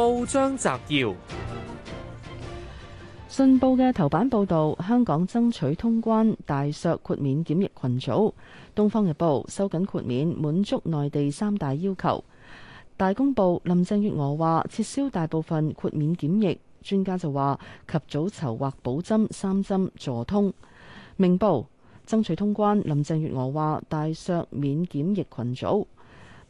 報章摘要：《信報》嘅頭版報道，香港爭取通關，大削豁免檢疫群組，《東方日報》收緊豁免，滿足內地三大要求，《大公報》林鄭月娥話撤銷大部分豁免檢疫，專家就話及早籌劃保針三針助通，《明報》爭取通關，林鄭月娥話大削免檢疫群組，《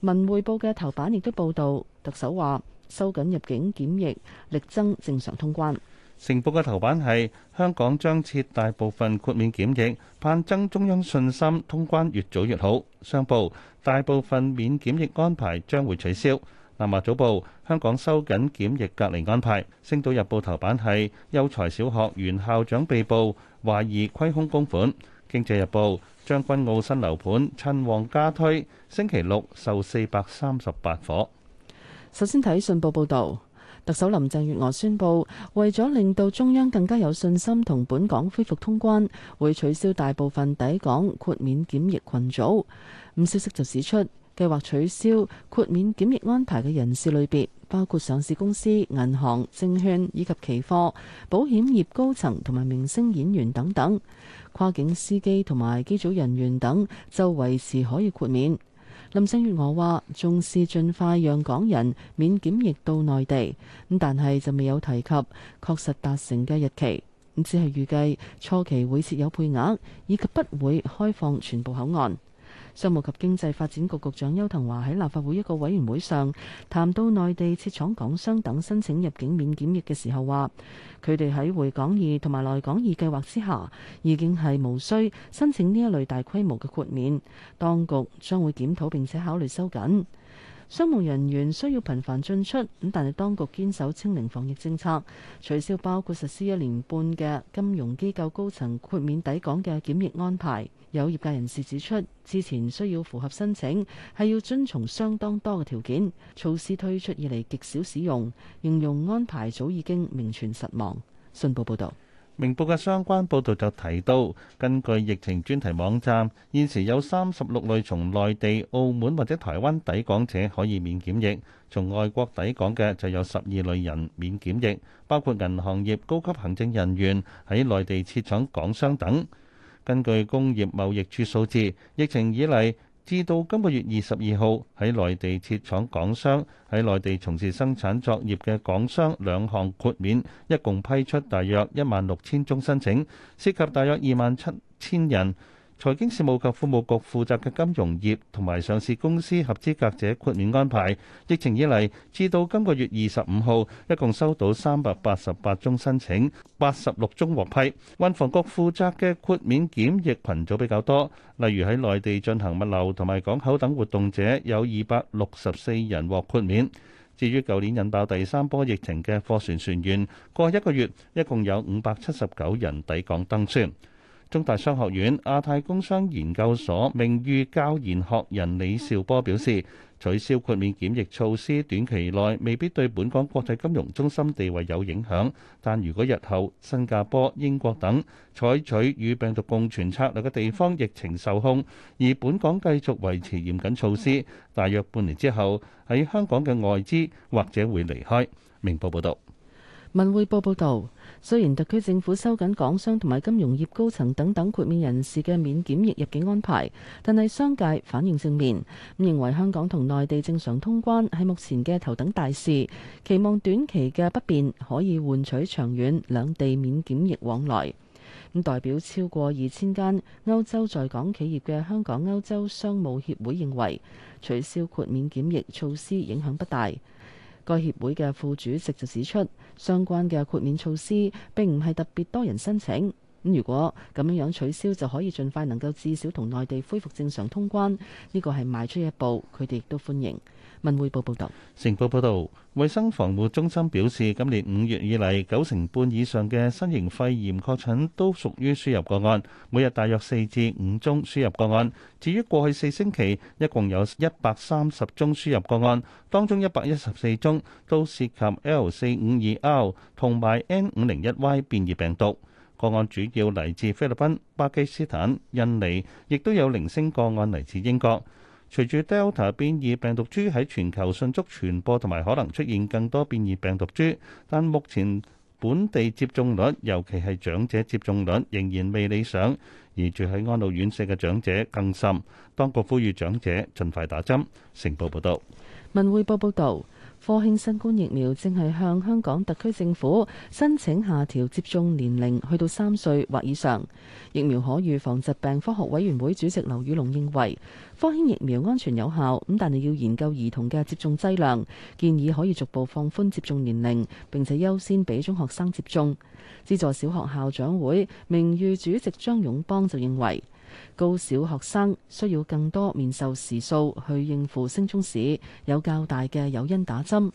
文匯報》嘅頭版亦都報道，特首話。收緊入境檢疫，力爭正常通關。成報嘅頭版係香港將撤大部分豁免檢疫，盼增中央信心，通關越早越好。商報，大部分免檢疫安排將會取消。南華早報，香港收緊檢疫隔離安排。星島日報頭版係優才小學原校長被捕，懷疑虧空公款。經濟日報，將軍澳新樓盤趁旺加推，星期六售四百三十八伙。首先睇信報報導，特首林鄭月娥宣布，為咗令到中央更加有信心同本港恢復通關，會取消大部分抵港豁免檢疫群組。唔少消息就指出，計劃取消豁免檢疫安排嘅人士類別，包括上市公司、銀行、證券以及期貨、保險業高層同埋明星演員等等。跨境司機同埋機組人員等就維持可以豁免。林鄭月娥話重視盡快讓港人免檢疫到內地，咁但係就未有提及確實達成嘅日期，只係預計初期會設有配額以及不會開放全部口岸。商務及經濟發展局局長邱騰華喺立法會一個委員會上談到內地設廠港商等申請入境免檢疫嘅時候，話佢哋喺回港易同埋來港易計劃之下，已經係無需申請呢一類大規模嘅豁免，當局將會檢討並且考慮收緊。商務人員需要頻繁進出，咁但係當局堅守清零防疫政策，取消包括實施一年半嘅金融機構高層豁免抵港嘅檢疫安排。有業界人士指出，之前需要符合申請，係要遵從相當多嘅條件，措施推出以嚟極少使用，形容安排早已經名存實亡。信報報道。明報嘅相關報導就提到，根據疫情專題網站，現時有三十六類從內地、澳門或者台灣抵港者可以免檢疫，從外國抵港嘅就有十二類人免檢疫，包括銀行業高級行政人員、喺內地設廠港商等。根據工業貿易處數字，疫情以嚟至到今個月二十二號，喺內地設廠港商、喺內地從事生產作業嘅港商兩項豁免，一共批出大約一萬六千宗申請，涉及大約二萬七千人。財經事務及庫務局負責嘅金融業同埋上市公司合資格者豁免安排，疫情以嚟至到今個月二十五號，一共收到三百八十八宗申請，八十六宗獲批。運房局負責嘅豁免檢疫群組比較多，例如喺內地進行物流同埋港口等活動者，有二百六十四人獲豁免。至於舊年引爆第三波疫情嘅貨船船員，過一個月，一共有五百七十九人抵港登船。中大商學院亞太工商研究所名譽教研學人李兆波表示，取消豁免檢疫措施，短期內未必對本港國際金融中心地位有影響，但如果日後新加坡、英國等採取與病毒共存策略嘅地方疫情受控，而本港繼續維持嚴謹措施，大約半年之後喺香港嘅外資或者會離開。明報報道。文匯報報道，雖然特區政府收緊港商同埋金融業高層等等豁免人士嘅免檢疫入境安排，但係商界反應正面，咁認為香港同內地正常通關係目前嘅頭等大事，期望短期嘅不便可以換取長遠兩地免檢疫往來。咁代表超過二千間歐洲在港企業嘅香港歐洲商務協會認為，取消豁免檢疫措施影響不大。該協會嘅副主席就指出，相關嘅豁免措施並唔係特別多人申請。如果咁樣取消，就可以盡快能夠至少同內地恢復正常通關。呢個係邁出一步，佢哋亦都歡迎。文匯報報道，成報報道，衛生防護中心表示，今年五月以嚟，九成半以上嘅新型肺炎確診都屬於輸入個案，每日大約四至五宗輸入個案。至於過去四星期，一共有一百三十宗輸入個案，當中一百一十四宗都涉及 L 四五二 R 同埋 N 五零一 Y 變異病毒。個案主要嚟自菲律賓、巴基斯坦、印尼，亦都有零星個案嚟自英國。隨住 Delta 變異病毒株喺全球迅速傳播，同埋可能出現更多變異病毒株，但目前本地接種率，尤其係長者接種率，仍然未理想，而住喺安老院舍嘅長者更甚。當局呼籲長者盡快打針。成報報道。文匯報報道。科興新冠疫苗正係向香港特區政府申請下調接種年齡，去到三歲或以上。疫苗可預防疾病科學委員會主席劉宇龍認為，科興疫苗安全有效，咁但係要研究兒童嘅接種劑量，建議可以逐步放寬接種年齡，並且優先俾中學生接種。資助小學校長會名譽主席張勇邦就認為。高小學生需要更多面授時數去應付升中試，有較大嘅誘因打針。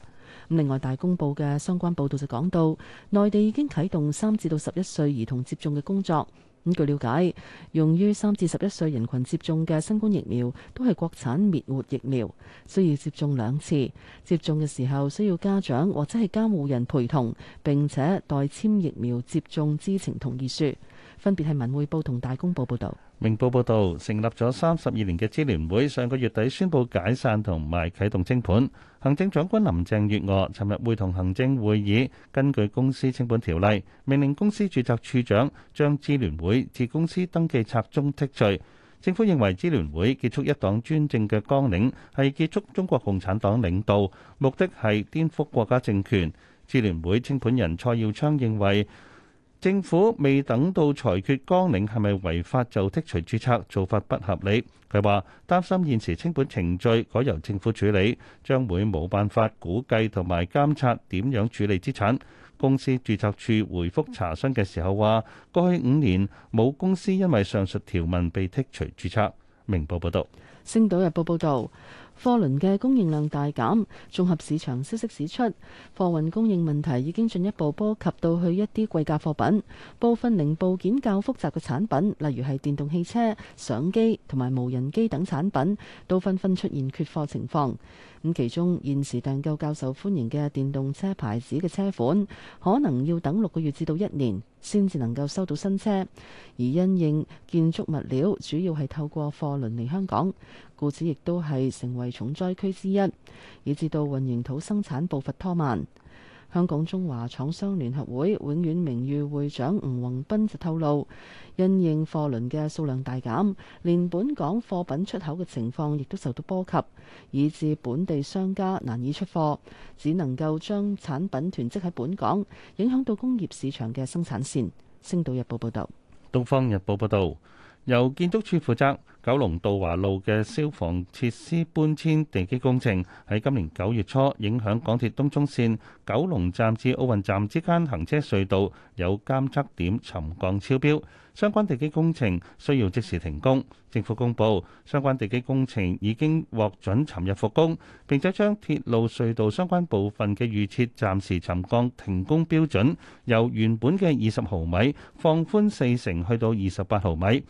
另外大公報嘅相關報導就講到，內地已經啟動三至到十一歲兒童接種嘅工作。咁據了解，用於三至十一歲人群接種嘅新冠疫苗都係國產滅活疫苗，需要接種兩次。接種嘅時候需要家長或者係監護人陪同，並且代簽疫苗接種知情同意書。分別係文匯報同大公報報導。明報報導，成立咗三十二年嘅支聯會，上個月底宣佈解散同埋啟動清盤。行政長官林鄭月娥尋日會同行政會議，根據公司清盤條例，命令公司註冊處長將支聯會自公司登記冊中剔除。政府認為支聯會結束一黨專政嘅綱領，係結束中國共產黨領導，目的係顛覆國家政權。支聯會清盤人蔡耀昌認為，政府未等到裁決綱領係咪違法就剔除註冊，做法不合理。佢話擔心現時清盤程序改由政府處理，將會冇辦法估計同埋監察點樣處理資產。公司註冊處回覆查詢嘅時候話，過去五年冇公司因為上述條文被剔除註冊。明報報道。星島日報報道。貨輪嘅供應量大減，綜合市場消息指出，貨運供應問題已經進一步波及到去一啲貴價貨品，部分零部件較複雜嘅產品，例如係電動汽車、相機同埋無人機等產品，都紛紛出現缺貨情況。咁其中現時訂購較受歡迎嘅電動車牌子嘅車款，可能要等六個月至到一年先至能夠收到新車。而因應建築物料主要係透過貨輪嚟香港。故此亦都係成為重災區之一，以致到運營土生產步伐拖慢。香港中華廠商聯合會永遠名譽會長吳宏斌就透露，因應貨輪嘅數量大減，連本港貨品出口嘅情況亦都受到波及，以致本地商家難以出貨，只能夠將產品囤積喺本港，影響到工業市場嘅生產線。星島日報報道：「東方日報報道，由建築署負責。九龍渡華路嘅消防設施搬遷地基工程喺今年九月初影響港鐵東涌綫九龍站至奧運站之間行車隧道，有監測點沉降超標，相關地基工程需要即時停工。政府公布相關地基工程已經獲准尋日復工，並且將鐵路隧道相關部分嘅預設暫時沉降停工標準，由原本嘅二十毫米放寬四成去到二十八毫米。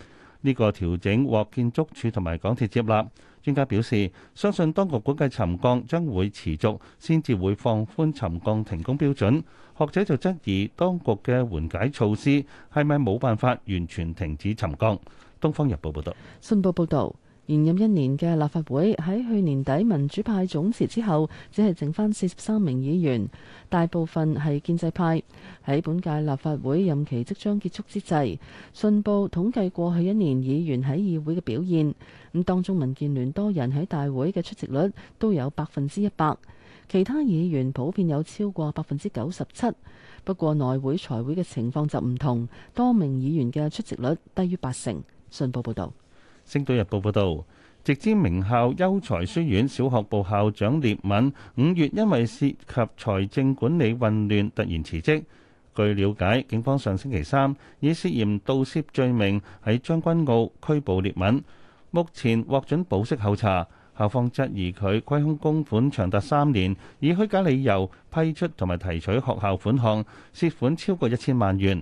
呢個調整獲建築署同埋港鐵接納。專家表示，相信當局估計沉降將會持續，先至會放寬沉降停工標準。學者就質疑當局嘅緩解措施係咪冇辦法完全停止沉降。《東方日報》報道，《新報》報道。延任一年嘅立法會喺去年底民主派總辭之後，只係剩返四十三名議員，大部分係建制派。喺本屆立法會任期即將結束之際，信報統計過去一年議員喺議會嘅表現，咁當中民建聯多人喺大會嘅出席率都有百分之一百，其他議員普遍有超過百分之九十七。不過內會財會嘅情況就唔同，多名議員嘅出席率低於八成。信報報導。星島日報報道，直資名校優才書院小學部校長聶敏五月因為涉及財政管理混亂突然辭職。據了解，警方上星期三以涉嫌盜竊罪名喺將軍澳拘捕聶敏，目前獲准保釋候查。校方質疑佢虧空公款長達三年，以虛假理由批出同埋提取學校款項，涉款超過一千萬元。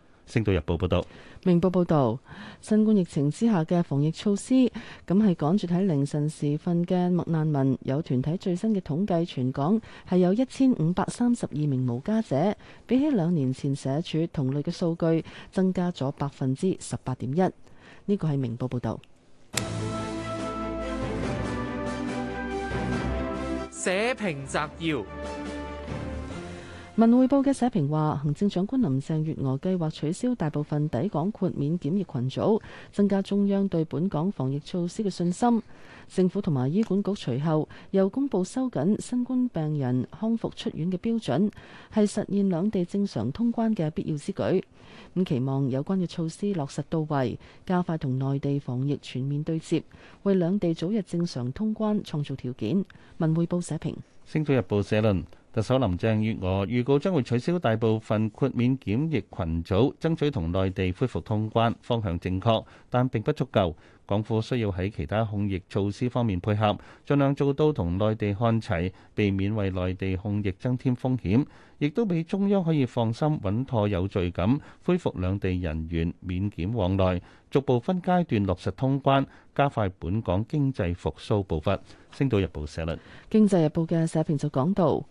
星島日報報道，明報報道，新冠疫情之下嘅防疫措施，咁係趕住喺凌晨時分嘅麥難民，有團體最新嘅統計，全港係有一千五百三十二名無家者，比起兩年前社署同類嘅數據，增加咗百分之十八點一。呢個係明報報道，社評摘要。文匯報嘅社評話，行政長官林鄭月娥計劃取消大部分抵港豁免檢疫群組，增加中央對本港防疫措施嘅信心。政府同埋醫管局隨後又公布收緊新冠病人康復出院嘅標準，係實現兩地正常通關嘅必要之舉。咁期望有關嘅措施落實到位，加快同內地防疫全面對接，為兩地早日正常通關創造條件。文匯報社評，星島日報社論。特首林鄭月娥預告將會取消大部分豁免檢疫羣組，爭取同內地恢復通關，方向正確，但並不足夠。港府需要喺其他控疫措施方面配合，盡量做到同內地看齊，避免為內地控疫增添風險，亦都俾中央可以放心穩妥有序咁恢復兩地人員免檢往來，逐步分階段落實通關，加快本港經濟復甦步伐。星島日報社論，《經濟日報》嘅社評就講到。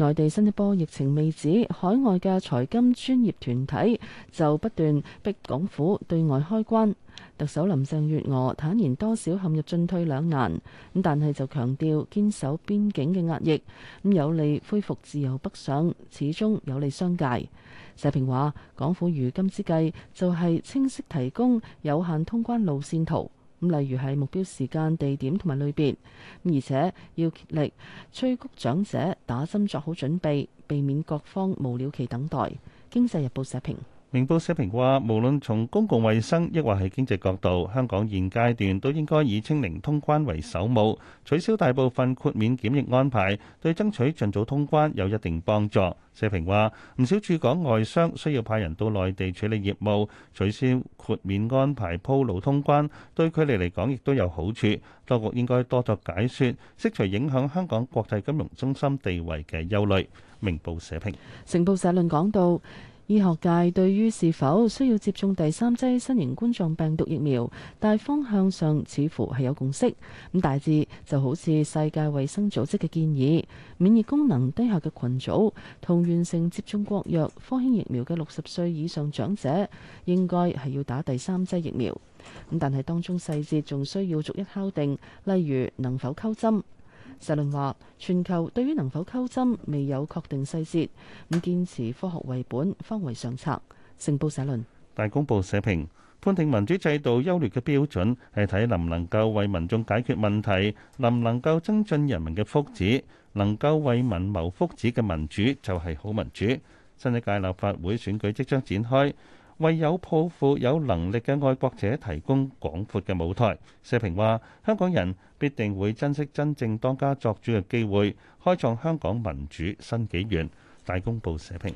內地新一波疫情未止，海外嘅財金專業團體就不斷逼港府對外開關。特首林鄭月娥坦言，多少陷入進退兩難。咁但係就強調堅守邊境嘅壓抑，咁有利恢復自由北上，始終有利商界。社評話，港府如今之計就係清晰提供有限通關路線圖。咁例如係目標時間、地點同埋類別，而且要竭力催谷長者打針作好準備，避免各方無了期等待。經濟日報社評。明報社評話，無論從公共衛生抑或係經濟角度，香港現階段都應該以清零通關為首務，取消大部分豁免檢疫安排，對爭取盡早通關有一定幫助。社評話，唔少駐港外商需要派人到內地處理業務，取消豁免安排鋪路通關，對佢哋嚟講亦都有好處。當局應該多作解說，釋除影響香港國際金融中心地位嘅憂慮。明報社評，成報社論講到。醫學界對於是否需要接種第三劑新型冠狀病毒疫苗，大方向上似乎係有共識。咁大致就好似世界衛生組織嘅建議，免疫功能低下嘅群組同完成接種國藥科興疫苗嘅六十歲以上長者，應該係要打第三劑疫苗。咁但係當中細節仲需要逐一敲定，例如能否溝針。社論話：全球對於能否溝針未有確定細節，咁堅持科學為本方為上策。成報社論。大公報社評判定民主制度優劣嘅標準係睇能唔能夠為民眾解決問題，能唔能夠增進人民嘅福祉，能夠為民謀福祉嘅民主就係好民主。新一屆立法會選舉即將展開。為有抱負、有能力嘅愛國者提供廣闊嘅舞台。社評話：香港人必定會珍惜真正當家作主嘅機會，開創香港民主新紀元。大公報社評。